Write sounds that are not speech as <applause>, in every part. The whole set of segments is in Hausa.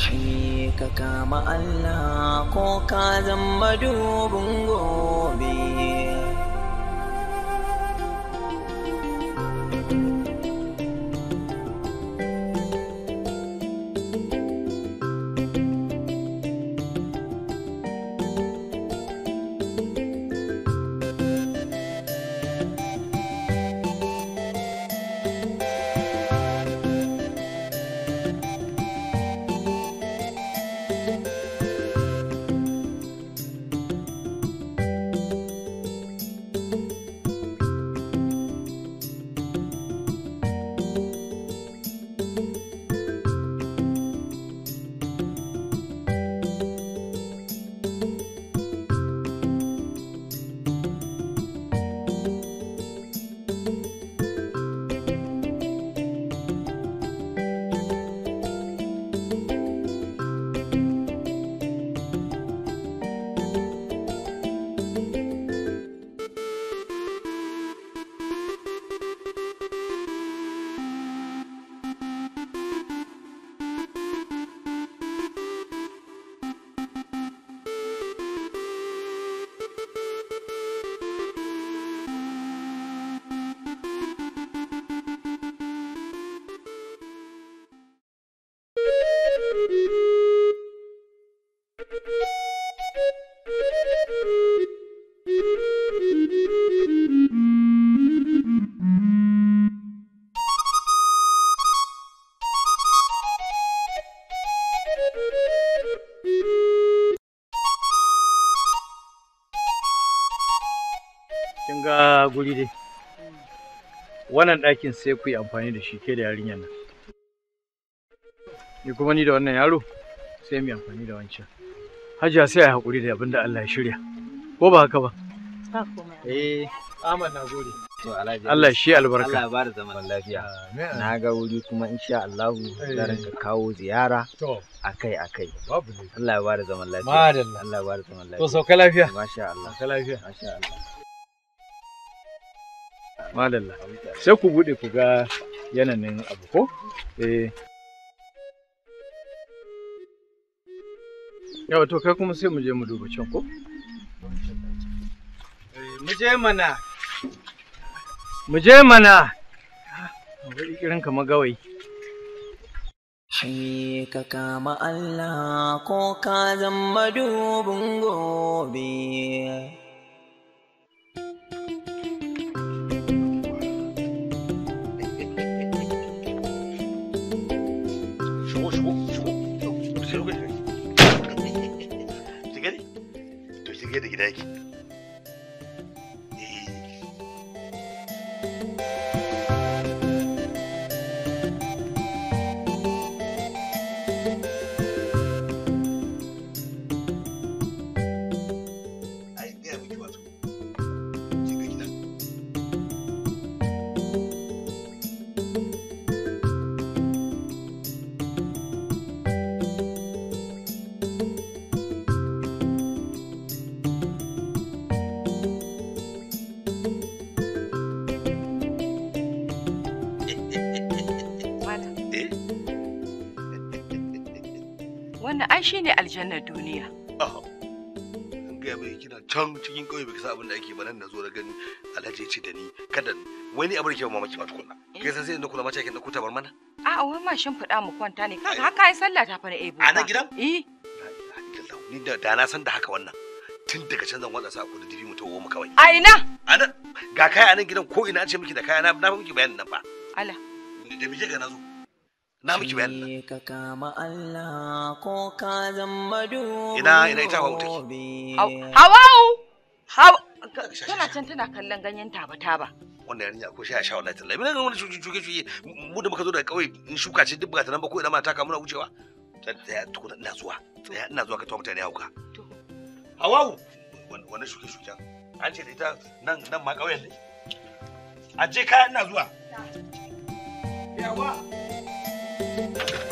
shi ka kama Allah ko ka zama dubin gobe guri dai wannan ɗakin sai ku yi amfani da shi ke da yarinyar nan ni kuma ni da wannan yaro sai mu yi amfani da wancan hajiya sai a yi haƙuri da abin da Allah ya shirya ko ba haka ba eh Ahmad na gode Allah shi albarka Allah ya ba da zaman lafiya na ga wuri kuma insha Allah eh. zan ka kawo ziyara akai akai Allah ya ba da zaman lafiya Allah ya ba da zaman lafiya to sauka lafiya masha Allah sauka lafiya masha Allah Malala sai ku bude ku ga yananin abu ko eh yawa to kai kuma sai mu je mu duba can ko eh, mu je mana mu je mana wani irin kamar gawayi Shi ka kama Allah ko ka zama dubin gobe. Yedi gidek. aljannar duniya. gaya mai kina can cikin ƙauye bai kasa abin da ake banan na zo da gani alhaji ce da ni kada ni abin da ke mamaki ma tukuna. Eh. kai san sai inda kula mace kin da kuta bar mana a a wai ma shin fada mu kwanta ne haka ai sallah ta fara ebo a nan gidan eh ni da da na san da haka wannan tun daga can zan wada sa ku da dibi mu tawo mu kawai a ina a nan ga kai a nan gidan ko ina an ce miki da kaya na na miki bayanin nan fa ala da mije ga na zo na bayan nan. ka kama Allah ko ka zama ina ina ita hawa take hawau hawa tana can tana kallon ganyen taba taba Wanda yarinya akwai sha sha wallahi tallahi muna wani cuci cuci cuci. mu da muka zo daga kawai in shuka ce duk bukata nan ba ko ina ma ta kamuna wucewa tsaya tukuna ina zuwa tsaya ina zuwa ka tawa mutane hauka hawau wannan shuke shuken an ce da ita nan nan ma kauyen ne a je kaya ina zuwa yawa Thank you.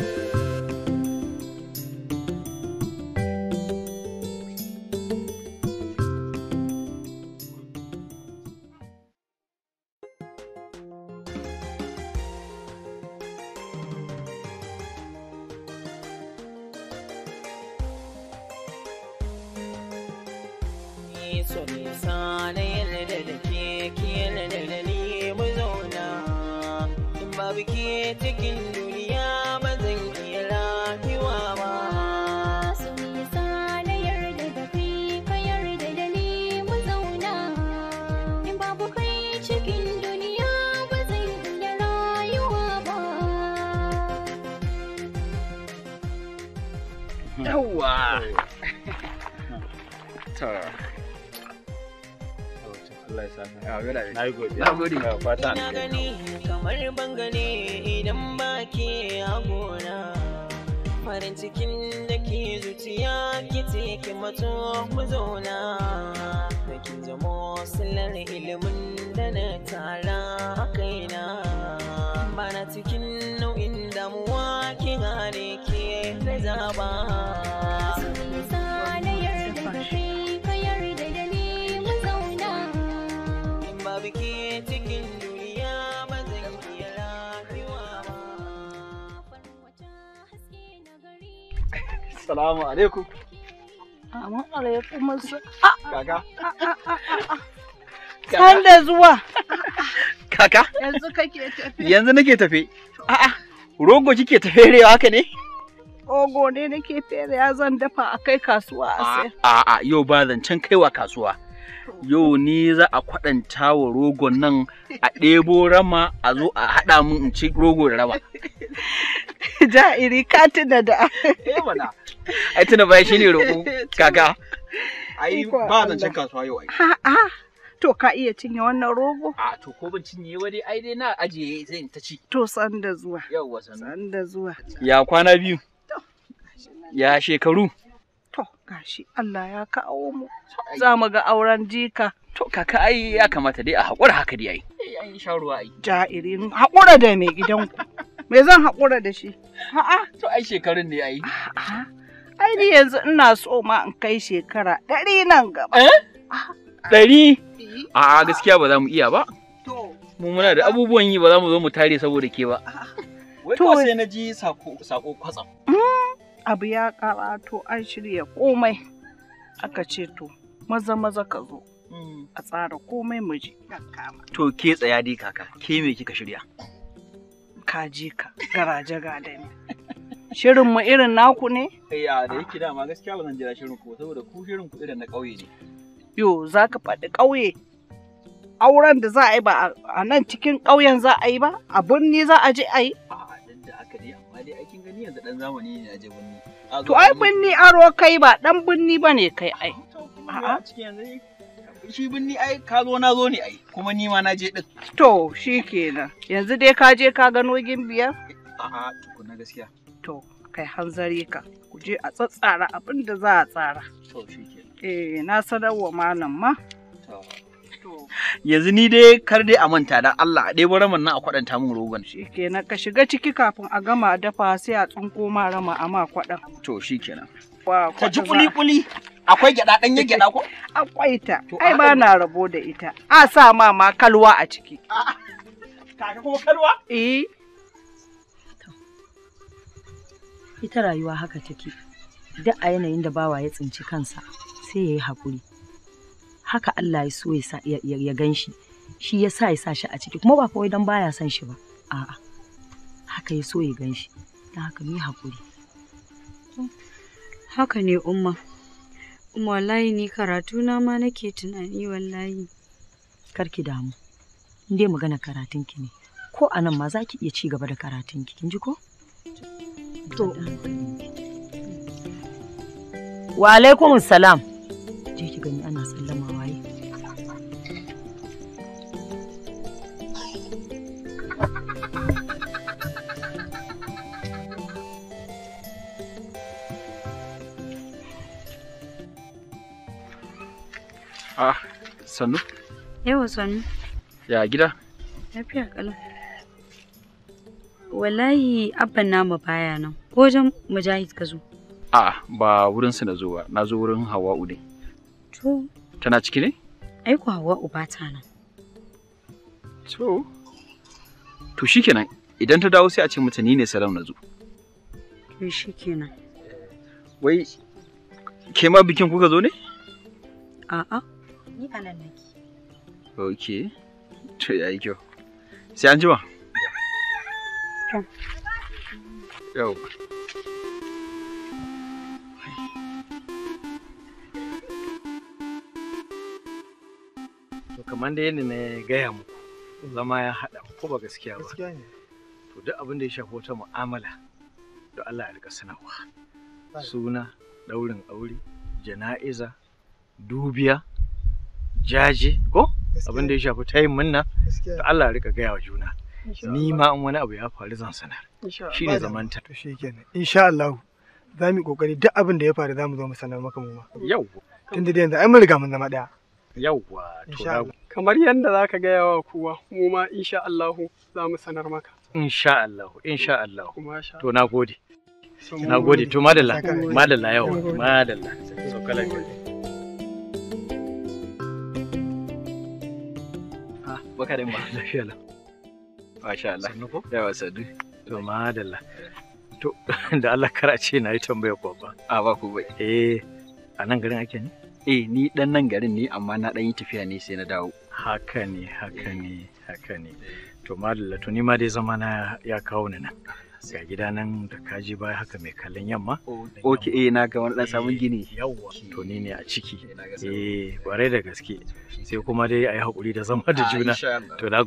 biki cikin duniya ba Ah, na gani kamar bangare idan baki ke agona farin cikin da ke zuciya ki ce ki mato mu zauna da zamo silar ilimin da na tara a kaina bana cikin nau'in damuwa ki gane ke da zaba Assalamu alaikum. Assalamu alaikum ah, Kaka. Kan da zuwa. Kaka? Yanzu kake tafe. Yanzu nake tafe. A'a, ah, ah. rogo kike taferewa haka ne? Rogo ne nake ferewa zan dafa a kai kasuwa a sayar. A'a, yau ba zan kai kaiwa kasuwa. Yau ni za a kwaɗanta wa rogon nan a ɗebo rama a zo a haɗa mun in ci rogo da rama. <laughs> Ja'iri katina da. Eh mana. ai tuna shi shine <laughs> roƙo kaka ai ba zancen kasuwa yau ai to ka iya cinye wannan rogo a to ko ban cinye ba dai ai dai na ajiye zai ta ci to san da zuwa yauwa san da zuwa ya kwana biyu ya shekaru to gashi Allah ya kawo mu za mu ga auren jika to kaka ai ya kamata dai a haƙura haka dai ai eh, ai sha ruwa ai Ja'irin haƙura da mai gidanku me zan haƙura da shi a'a to ai shekarun ne ai a'a Ai ni yanzu ina so ma in kai shekara ɗari nan gaba. Eh? Ɗari? A'a gaskiya ba za mu iya ba. Mu muna da abubuwan yi ba za mu zo mu tare saboda ke ba. To sai na ji sako kwatsam. Hmm, abu ya to an shirya komai. Aka ce to maza maza ka zo. Hmm. A tsara komai mu je. To ke tsaya dai kaka, ke me kika shirya? Ka je ka garaje ga da ni. Shirin mu irin naku ne? Iya eh, da yake dama gaskiya ba zan jira shirin ku saboda ku shirin ku irin na ƙauye ne. Yo za ka faɗi ƙauye. Auren da za a yi ba a nan cikin ƙauyen za a yi ba a birni za a je a yi. A'a dan da aka dai amma dai aikin gani yanzu dan zamani ne a je birni. To ai birni aro kai ba dan birni ba ne kai ai. A'a cikin yanzu shi birni ai ka zo na zo ne ai kuma ni ma na je din. To shi kenan yanzu dai ka je ka gano gimbiyar? A'a tukuna gaskiya. to kai hanzari ka ku je a tsatsara abin da za a tsara eh na sadarwa malam ma yanzu ni dai kar dai a manta da Allah a ɗebo raman nan a kwaɗanta min rogon. Shikenan ka shiga ciki kafin a gama dafa sai a tsunko ma rama a ma kwaɗan. To shikenan. Ka ji kuli-kuli akwai gyaɗa ɗan yi gyaɗa ko? Akwai ta, ai ba na rabo da ita. A sa ma ma kalwa a ciki. Kaka kuma kalwa? Eh. ita rayuwa haka take duk a yanayin da bawa ya tsinci kansa sai ya yi haƙuri haka Allah ya so ya gan shi shi ya sa ya sa shi a ciki kuma ba kawai dan baya son shi ba a'a haka ya so ya gan shi haka mu yi haƙuri haka ne umma umma wallahi ni karatu na ma nake tunani wallahi karki damu in dai magana karatun ki ne ko anan ma za ki iya ci gaba da karatun ki kin ji ko To. Hmm. Wa alaikum salam. Je gani ana sallama waye. Ah, sannu? Yawa sannu. Ya gida? Lafiya Wallahi abban namu baya nan. Ko wajen Mujahid ka zo? A ba wurin su na zo ba, na zo wurin hawa ude To. Tana ciki ne? Ai ku Hawa'u ba ta nan. To. To shikenan idan ta dawo sai a ce mata ni ne Salam na zo. To shikenan. Wai ke ma bikin kuka zo ne? A'a. Ni anan nake. Okay. To yayi kyau. Sai an jima. to yau to kamar da yadda na gaya muku zama ya haɗa ko ba gaskiya ba to duk abin da ya shafi wata mu'amala da Allah ya rika sanarwa suna daurin aure jana'iza dubiya jaje ko abin da ya shafi tayin munna To Allah ya rika gaya wa juna ni ma in wani abu ya faru zan sanar shi ne zamanta to shi kenan insha Allah za mu kokari duk abin da ya faru za mu zo mu sanar maka mu ma yawwa tunda da yanzu ai mun riga mun zama daya yawwa to kamar yadda zaka ga yawa kowa mu ma insha Allah za mu sanar maka insha Allah insha Allah to nagode nagode to madalla madalla yawa madalla sokala gode ah, baka da ba lafiya lau Masha Allah. Sannu ko? Yawa sannu. To madalla. To <laughs> da Allah kar a ce na yi tambaya ko ba. A ba ku bai. Eh a nan garin ake ne? Eh ni dan nan garin ne amma na dan yi tafiya ne sai na dawo. Haka ne haka eh. ne haka ne. To madalla to ni ma dai zamana ya kawo ni nan. ga gida nan da kaji baya haka mai kallon yamma ok eh na ga wani dan samun eh, gini yawa to ni ne a ciki eh kwarai eh, da gaske sai kuma dai a yi hakuri da zama da ah, juna to na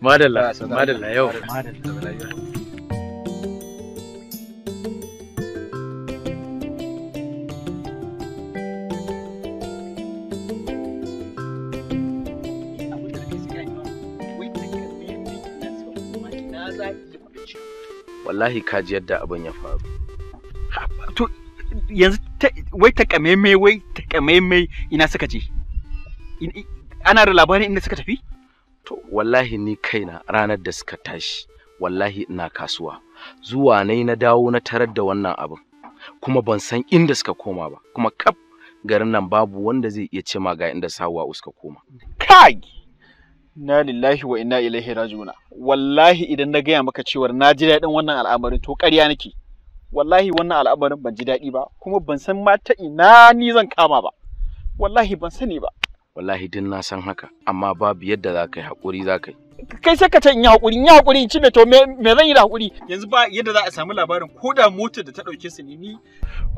madalla madalla yau madalla wallahi ka ji yadda abin ya faru to yanzu wai mai wai mai ina suka je ana da labarin inda suka tafi to wallahi ni kaina ranar da suka tashi wallahi ina kasuwa zuwa nai na dawo na tarar da wannan abin kuma ban san inda suka koma ba kuma kaf garin nan babu wanda zai iya ce ma ga inda sawa suka koma kai Na lillahi wa inna ilaihi rajiuna wallahi idan na gaya maka cewar na ji daɗin wannan al'amarin to ƙarya nake wallahi wannan al'amarin ban ji daɗi ba kuma ban san ma ta ina ni zan kama ba wallahi ban sani ba wallahi din na san haka amma babu yadda za ka yi haƙuri za ka yi kai sai ka ce in yi hakuri in yi hakuri in ci me to me zan yi da hakuri yanzu ba yadda za a samu labarin ko da motar da ta dauke su ne, ni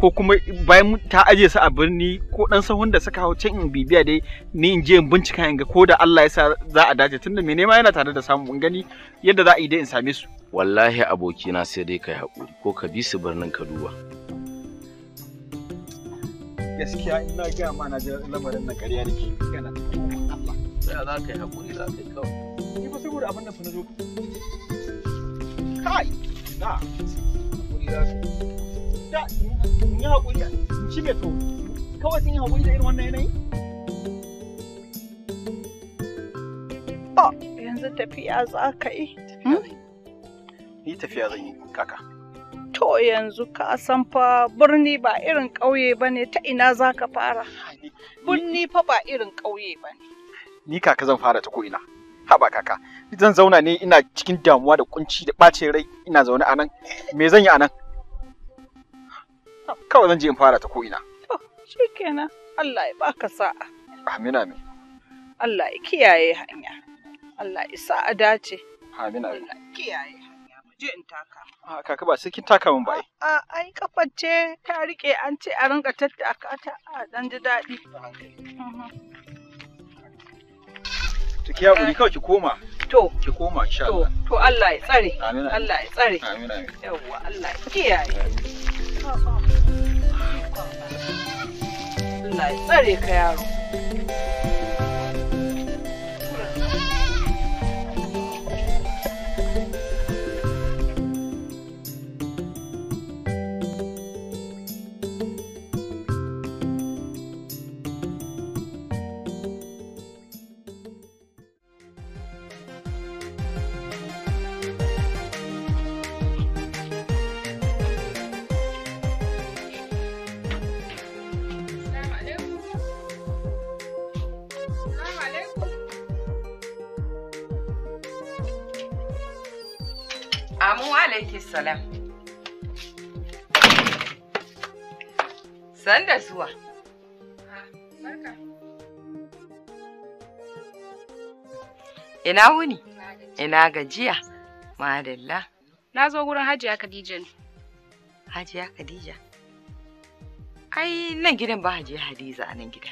ko kuma bayan ta aje su a birni ko dan sahun da suka hau can in bibiya dai ni in je in bincika in ga ko da Allah ya sa za a dace tunda me nema yana tare da samu in gani yadda za a yi dai in same su wallahi abokina sai dai kai hakuri ko ka bi su birnin Kaduwa gaskiya ina ga ma na lamarin na ƙarya da ke magana Allah sai za ka yi hakuri za ka yi kawai ni ba saboda da na zo kai na hakuri za da in yi hakuri in ci mai to kawai sun yi hakuri da irin wannan yanayi oh, yanzu tafiya za ka yi hmm? Hmm? ni tafiya zan yi kaka to yanzu ka san fa birni ba irin ƙauye ba ne ta ina za ka fara birni fa ba irin ƙauye ba ne ni kaka zan fara ta ko ina haba kaka zan zauna ne ina cikin damuwa da kunci da ɓacin rai ina zaune a nan me zan yi a nan kawai zan je in fara ta ko ina shikenan Allah ya baka sa'a Amina amin Allah ya kiyaye hanya Allah ya sa a dace amina Allah ya kiyaye hanya mu je in taka a kaka ba sai kin taka min ba a ai kafar ta rike an ce a rinka tattaka ta a dan ji daɗi to ki haƙuri kawai ki koma to ki koma insha Allah to Allah ya tsare Allah ya tsare amin amin yawwa Allah ya kiyaye Allah ya tsare ka yaro Salamu alaiki salam. Sanda zuwa. Ina wuni? Ina gajiya? Madalla. Na zo gurin Hajiya Khadija ne. Hajiya Khadija? Ai nan gidan ba Hajiya Hadiza a nan gida.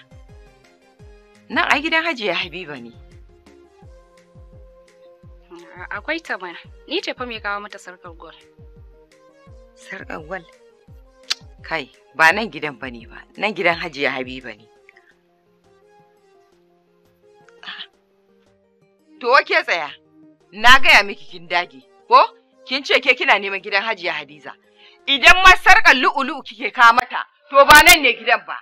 Nan a gidan Hajiya Habiba ne. Akwai ta mana. Ni ce fa mai kawo mata sarkar gol. Sarkar gol? Kai, ba nan gidan ba ne ba, nan gidan Hajiya Habiba ne. To wa ke tsaya, na gaya miki kin dage, ko? Kin ce ke kina neman gidan Hajiya Hadiza. Idan ma sarkar lu'ulu'u kike kawo mata, to ba nan ne gidan ba.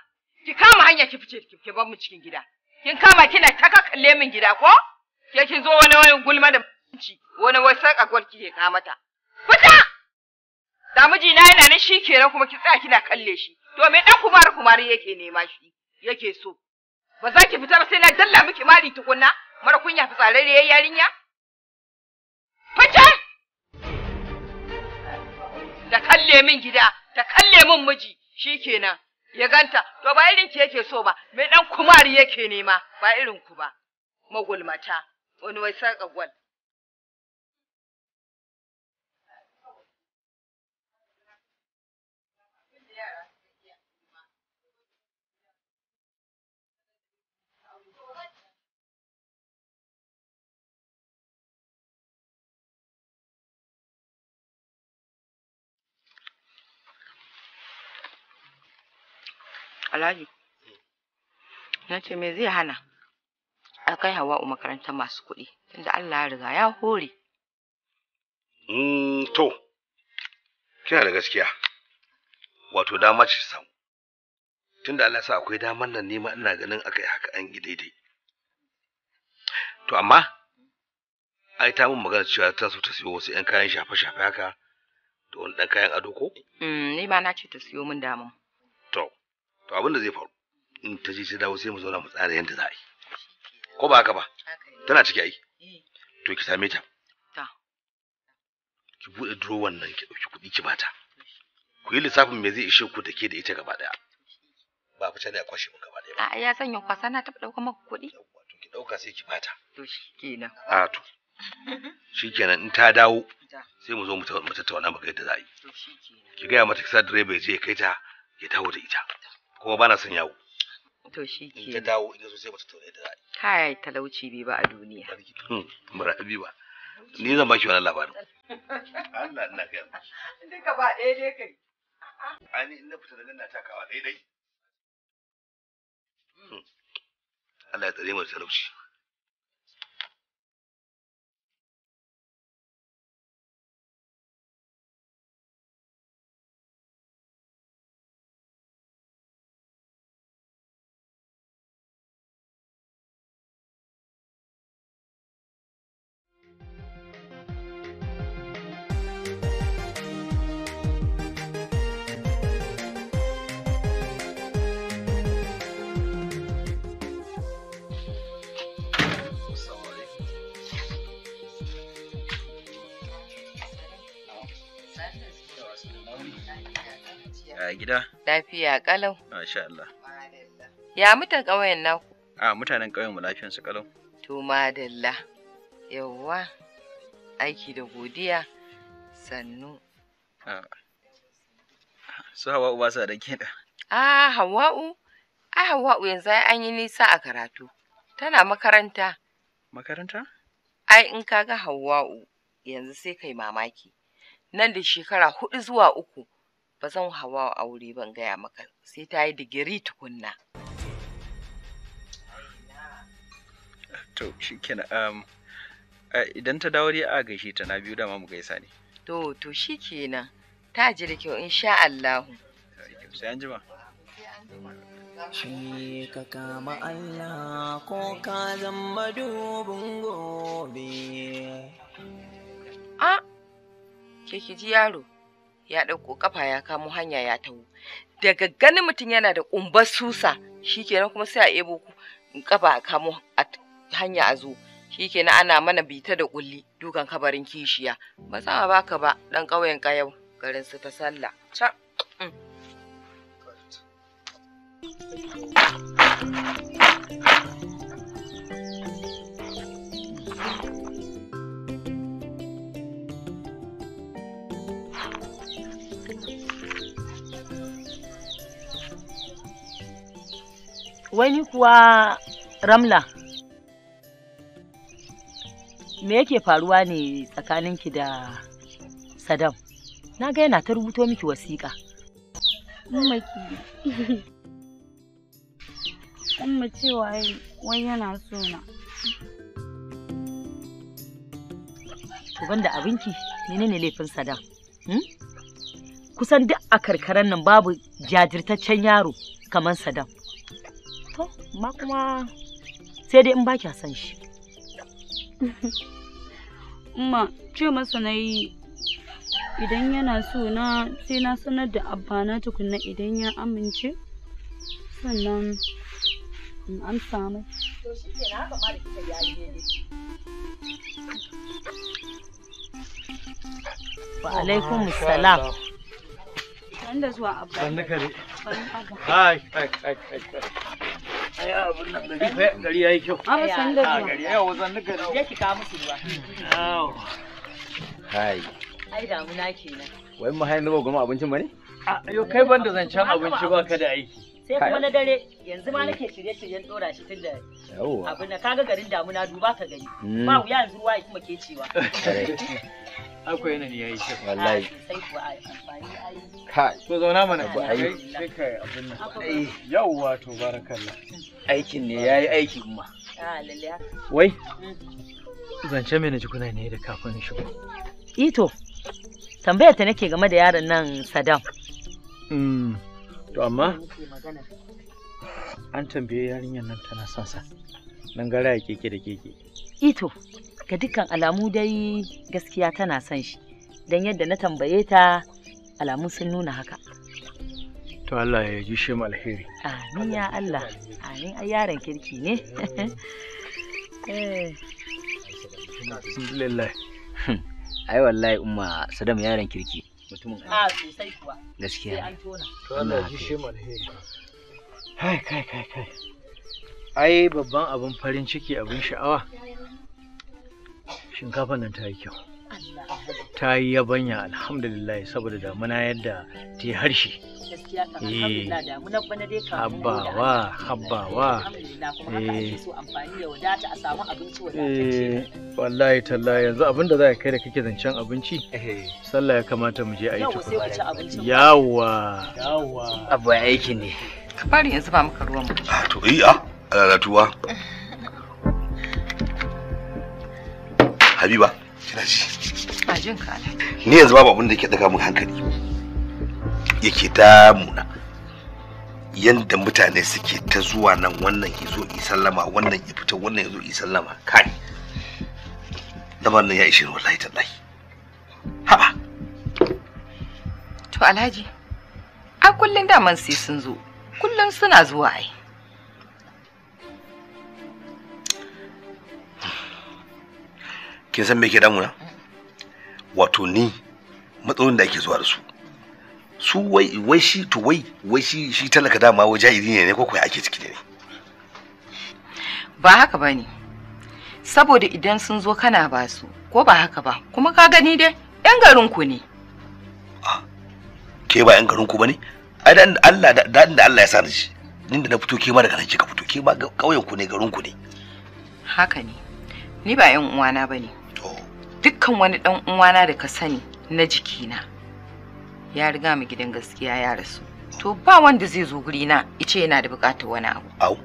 Ki kama hanya ki fice ki bar mu cikin gida. Kin kama kina ta kalle min gida ko? Ke kin zo wani gulma da mutunci wani wai saka gwal kike ka mata fita na yana nan shikenan kuma ki tsaya kina kalle shi to me dan kumar kumari yake nema shi yake so ba za ki fita ba sai na dalla miki mari tukunna mara kunya yayi yarinya fita da kalle min gida da kalle min miji shi shikenan ya ganta to ba irin ki yake so ba me dan kumari yake nema ba irin ku ba magulmata wani wai sarƙa gwal Alhaji. Na ce me zai hana? A kai Hawa'u makarantar masu kuɗi, tunda Allah ya riga ya hore. Mm, to, kina da gaskiya. Wato dama ce samu. Tunda Allah sa akwai damar nan nema ina ganin akai haka an yi daidai. To amma ai ta mun magana cewa ta so ta siyo wasu 'yan kayan shafe-shafe haka da wani ɗan kayan ado ko? Mm, ni ma na ce ta siyo min damun. to abin da zai faru in ta ji ta dawo sai mu zauna mu tsara yadda za a yi ko ba haka ba tana ciki ai eh. to ki same ta ki bude drawer nan ki dauki kuɗi ki bata ku yi lissafin me zai ishe ku da ke da ita gaba daya ba fita da kwashe mu gaba daya ba a ya sanya kwasa na taɓa ɗaukar maka kuɗi to ki ɗauka sai ki bata to shikenan a to shikenan in ta dawo sai mu zo mu tattauna maka yadda za a yi ki gaya mata kisa direba ya je ya kai ta ya dawo da ita kuma bana son yawo to shi ke in ta dawo in so sai mata tore da za'a kai talauci bai ba a duniya bara hmm, ba. ni zan baki wannan labarin <laughs> Allah ina ga ka ba ɗaya dai kai ani in na fita da nan na takawa ɗaya dai hmm. Allah ya tsare mu talauci A gida? Lafiya kalau. Masha Allah. Ya mutan ƙauyen naku? A mutanen ƙauyen mu lafiyan su kalau. To madalla. Yawwa. Aiki da godiya. Sannu. Su hawa uba sa da da. Ah Hawa'u? Ai Hawa'u yanzu an yi nisa a karatu. Tana makaranta. Makaranta? Ai in kaga Hawa'u yanzu sai kai mamaki. Nan da shekara hudu zuwa uku. ba zan hawa a wuri ban gaya maka sai ta yi digiri tukunna to shikenan um, eh, idan ta dawo a gaishe ta na biyu dama mu gaisa ne to to shikenan ta ji da kyau insha Allahu. sai an jima Shi ka kama Allah ko ka zama dubin gobe. A, ah, ke ki ji yaro. ya ɗauko kafa ya kamo hanya ya taho daga ganin mutum yana da ƙumbar susa shikenan kuma sai a ebo kafa a kamo hanya a zo shikenan ana mana bita da kulli dukan kabarin kishiya ba za baka ba dan ƙauyen kayau garin su ta sallah wani kuwa ramla me yake faruwa ne tsakaninki da sadam na ga yana ta rubuto miki wasiƙa maki amma cewa wai yana so na to banda abinki menene laifin sadam hmm? kusan duk a karkaran nan babu jajirtaccen yaro kamar sadam amma kuma sai dai in ba kya san shi amma <laughs> ce masa na yi idan yana so na sai na sanar da abana tukunna idan ya amince sannan in amsa mai to shi ke na haka ma da kika yaje ne wa alaikum salam wanda zuwa abba sannu kare hai hai hai hai ai abun nan gari yayi kyau ah, ah, gari ya a kai sai kuma na dare yanzu ma nake shirye-shiryen dora shi tun da abin da kaga garin damuna duba ka gani hmm. ba wuya yanzu ruwa kuma ke cewa <laughs> akwai yanayin ya yi kyau wallahi kai to zauna mana ku ai kai abin nan eh, yawwa to barakallah aikin ne yayi aiki kuma ah, wai mm. zance mai na jikuna ne da kafin shigo ito tambayar ta nake game da yaron nan Saddam. sadam mm. to amma an tambaye yarinyar nan tana son nan gara ya keke da keke ito ga dukkan alamu dai gaskiya tana son shi don yadda na tambaye ta alamu sun nuna haka to Allah ya ji shi alheri amin ya Allah amin ai yaron kirki ne <laughs> eh. alhamdulillah hmm. ai wallahi umma sadam yaron kirki mutumin a ah, sosai kuwa gaskiya to Allah ya ji shi alheri kai kai kai kai ai babban abin farin ciki abin sha'awa shinkafa nan ta yi kyau ta yi yabanya alhamdulillah saboda damuna yadda ta yi harshe eh. habbawa habbawa eh. eh, wallahi tallahi yanzu abinda za a kai da kake zancen abinci sallah ya kamata mu je a yi tukun yawa abu aiki ne ka fara yanzu ba maka ruwan mu ah, to iya a ah, ratuwa habiba kina ji a jin ka ni yanzu babu abin da ke daga mun hankali yake ta muna yanda mutane suke ta zuwa nan wannan ya zo yi sallama wannan ya fita wannan ya zo yi sallama kai lamarin ya ishe wallahi tallahi haba to alhaji a kullum man sai sun zo kullum suna zuwa ai kin san me ke damuna wato ni matsalolin da ake zuwa da su su wai wai shi to wai wai shi shi talaka dama wai jahili ne ne ko kai ake ciki ne ba haka bane saboda idan sun zo kana ba su ko ba haka ba kuma ka gani dai yan garin ku ne ke ba yan garin ku bane ai dan Allah dan da Allah ya sa shi nin da na fito ke ma daga nan ka fito ke ma kauyen ku ne garin ku ne haka ne ni ba yan uwana bane dukkan wani ɗan uwana da ka sani na jikina ya riga mu gidan gaskiya ya rasu to ba wanda zai zo guri na ice yana da bukatar wani abu au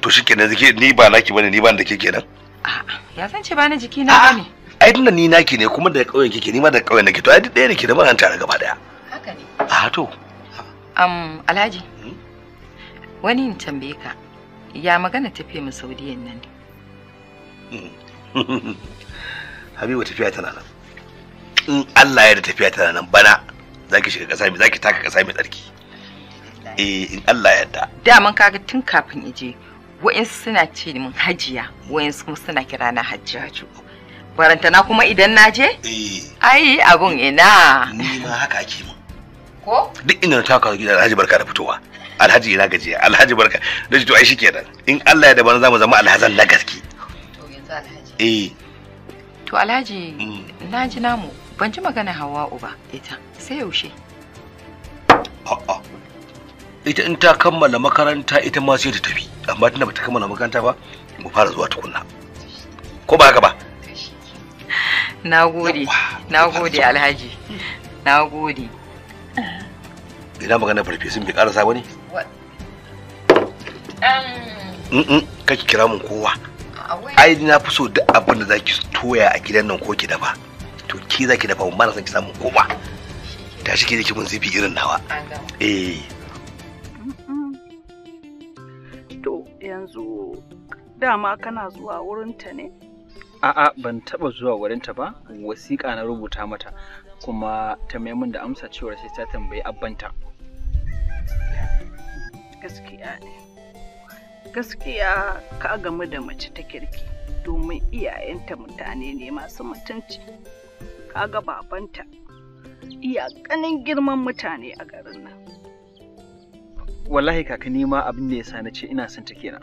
to shikenan zike ni ba naki bane ni ba da ke nan. a'a ya san ce ba na jikina bane ai tunda ni naki ne kuma da kauyen kike ni ma da kauyen nake to ai duk ɗaya nake da ba an tare gaba daya haka ne a to am alhaji hmm? wani in tambaye ka ya magana tafe mu saudiyan nan ne hmm. <laughs> habibu tafiya tana nan in Allah ya da tafiya tana nan bana zaki shiga kasa mai zaki taka kasa mai tsarki eh in Allah ya da daman kaga tun kafin ije wa'insu suna ce min hajiya wa'insu kuma suna kira na hajjaju barantana kuma idan na je eh. ai abun ina ni ma haka ake mun ko duk inda ta kawo gida alhaji barka da fitowa alhaji ina gajiya alhaji barka da to ai shikenan in Allah ya da bana zamu zama alhazan na gaske to yanzu alhaji eh to alhaji mm. na ji namu ban ji magana hawa ba ita sai yaushe a'a ita in ta kammala makaranta ita ma sai ta tafi amma tunda bata kammala makaranta ba mu fara zuwa tukunna ko ba haka ba na gode na gode alhaji na gode ina magana farfesun bai karasa ba ne kaki kira mun kowa ai na fi so duk abin da zaki toya a gidan nan ko ki dafa to ki zaki dafa ba na san ki samu koma tashi ki mun zifi irin nawa eh to yanzu dama kana zuwa wurin ta ne a'a ban taba zuwa wurin ta ba wasiƙa na rubuta mata kuma ta min da amsa cewar sai ta tambayi abbanta gaskiya ne gaskiya ka gamu da mace ta kirki domin iyayenta mutane ne masu mutunci Ka ga babanta iyakanin girman mutane a garin nan wallahi kaka nema abin da ya sa ce ina son ta kenan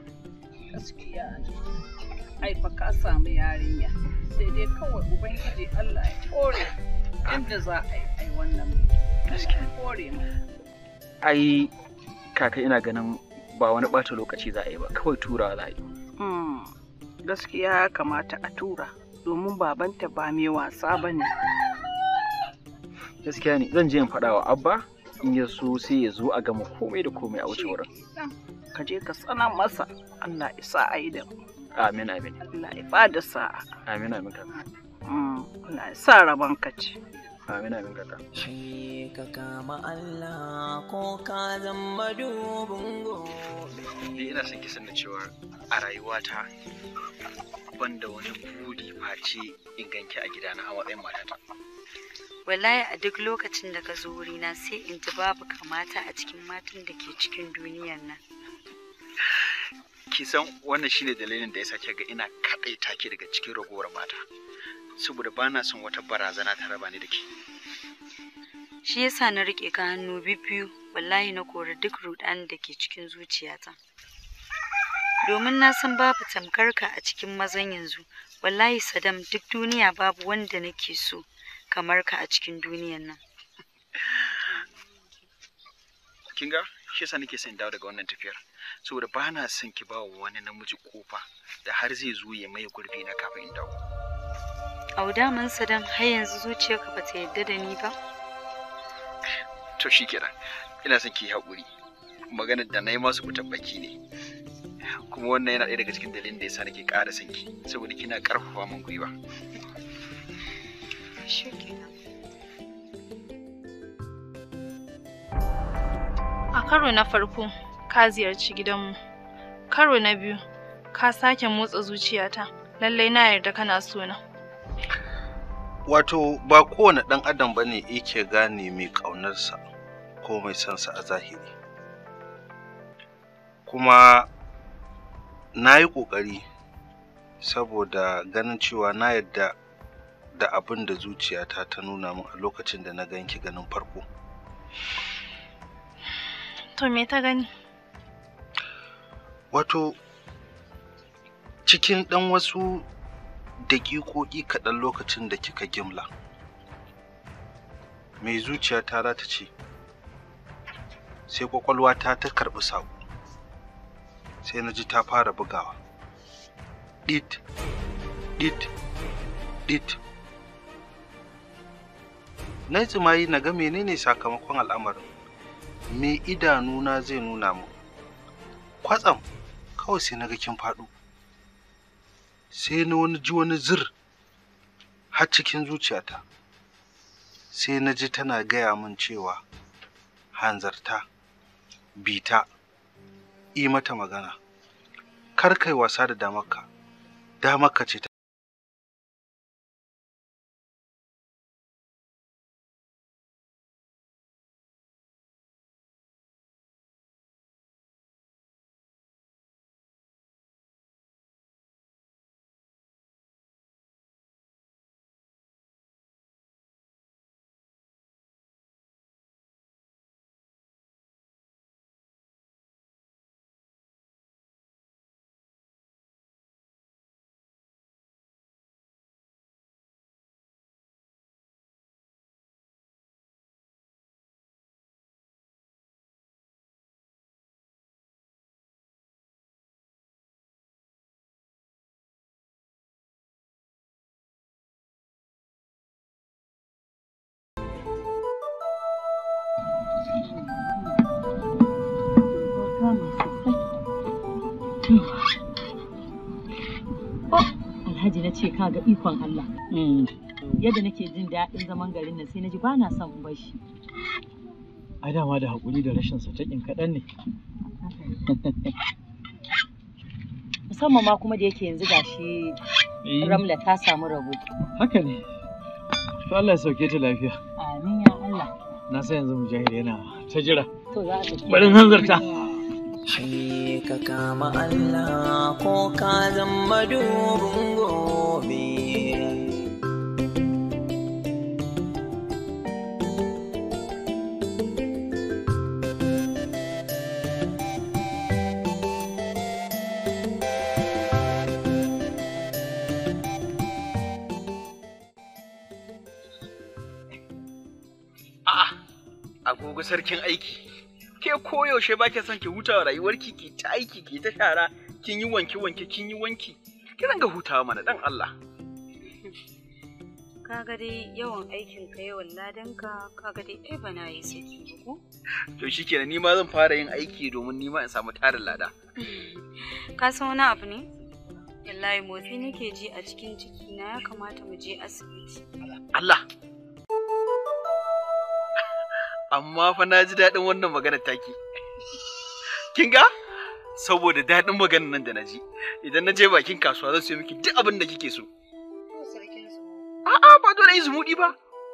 gaskiya ai fa ka samu yarinya sai dai kawai ubangiji Allah ya kore inda za a yi ai wannan gaskiya kore ai kaka ina ganin ba wani ɓata lokaci za a yi ba kawai tura za a yi hmm, gaskiya kamata a tura domin babanta ba mai wasa ba ne gaskiya ne zan je in faɗa wa abba in ya so sai ya zo a gama komai da komai a wuce wurin ka je ka tsana masa allah isa a yi da amin amin allah ya bada sa'a amin amin kaka hmm, allah ya sa rabon ka ce amin amin kaka shi ka Allah ko ka zama dubin gobe ina son kisan da cewa a rayuwata ban da wani buri face in a gidana a matsayin matata wallahi a duk lokacin da ka zo wurina sai in ji babu kamata a cikin matan da ke cikin duniyar nan kisan wannan shine dalilin da ya sake ga ina kaɗai take daga cikin ragowar mata saboda ba na son wata barazana ta raba ni da ke. Shi yasa na riƙe ka hannu biyu wallahi na kori duk ruɗan da ke cikin zuciyata. Domin na san babu tamkar ka a cikin mazan yanzu, wallahi Sadam duk duniya babu wanda nake so kamar ka a cikin duniyan nan. Kinga, shi yasa nake son dawo daga wannan tafiyar. saboda ba na son ki ba wa wani namiji kofa da har zai zo ya maye gurbi na kafin in dawo. auda mansa dan har yanzu zuciyarka ba ta yadda da ni ba to shi ina son ki haƙuri maganar da na yi masu tabbaki ne kuma wannan yana ɗaya daga cikin dalilin da yasa nake ƙara son ki saboda kina ƙarfafa min gwiwa A karo na farko, ka ziyarci gidanmu. Karo na biyu, ka sake motsa zuciyata. Lallai na yarda kana sona. wato ba kowane ɗan adam ba ne yake gane mai ƙaunarsa ko mai sansa a zahiri kuma na yi ƙoƙari saboda ganin cewa na yadda da abin da zuciyata ta nuna min a lokacin da na ganki ganin farko to me ta gani wato cikin ɗan wasu daƙiƙoƙi kaɗan lokacin da kika gimla mai zuciya ta ta ce sai ƙwaƙwalwata ta ta karɓi saƙo sai na ji ta fara bugawa ɗit ɗit ɗit na yi tsimayi na ga menene sakamakon al'amarin me idanuna zai nuna mu kwatsam kawai sai na ga kin faɗo sai na wani ji wani zir har cikin zuciyata sai na ji tana gaya min cewa hanzarta bita yi mata magana kar kai wasa da damarka damarka ce alhaji na ce ga ikon Allah hmm. yadda nake jin daɗin zaman garin nan sai na ji ba na son bar shi a dama da haƙuri da rashin sa kaɗan ne <laughs> musamman ma kuma da yake yanzu gashi eh. ramla ta samu rabo haka ne to Allah ya sauke ta lafiya amin ya Allah na san yanzu mujahid yana ta jira to za a hanzarta Shi ka kama Allah ko ka zama dubin gobe. A'a, agogo sarkin aiki. ke koyaushe ba ke son ki huta rayuwar ki ta aiki ki ta shara kin yi wanki-wanki, kin yi wanki ki ranga hutawa mana dan Allah <laughs> kaga dai yawan aikin ka yawan ladan ka kaga dai ai bana yi saki ko to shikenan ni ma zan fara yin aiki domin ni ma in samu tarin lada <laughs> ka san wani abu ne wallahi motsi nake ji a cikin ciki na ya kamata mu je asibiti Allah amma fa na ji daɗin wannan magana taki kin ga saboda daɗin maganar nan da na ji idan na je bakin kasuwa zan sayo miki duk abin da kike so a'a ba dole yin zumuɗi ba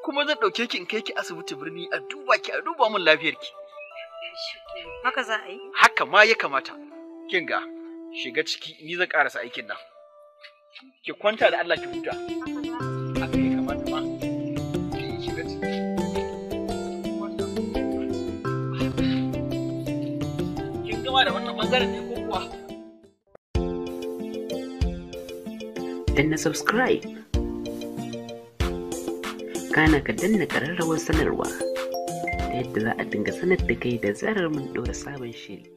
kuma zan ɗauke ki in kai ki asibiti birni a duba ki a duba min lafiyar ki haka za a yi haka ma ya kamata kin ga shiga ciki ni zan karasa aikin nan ki kwanta da Allah ki huta ɓangaren ne ko kuwa. Danna subscribe. Kana ka danna ƙararrawar sanarwa ta yadda za a dinga sanar da kai da zarar mun ɗora sabon shiri.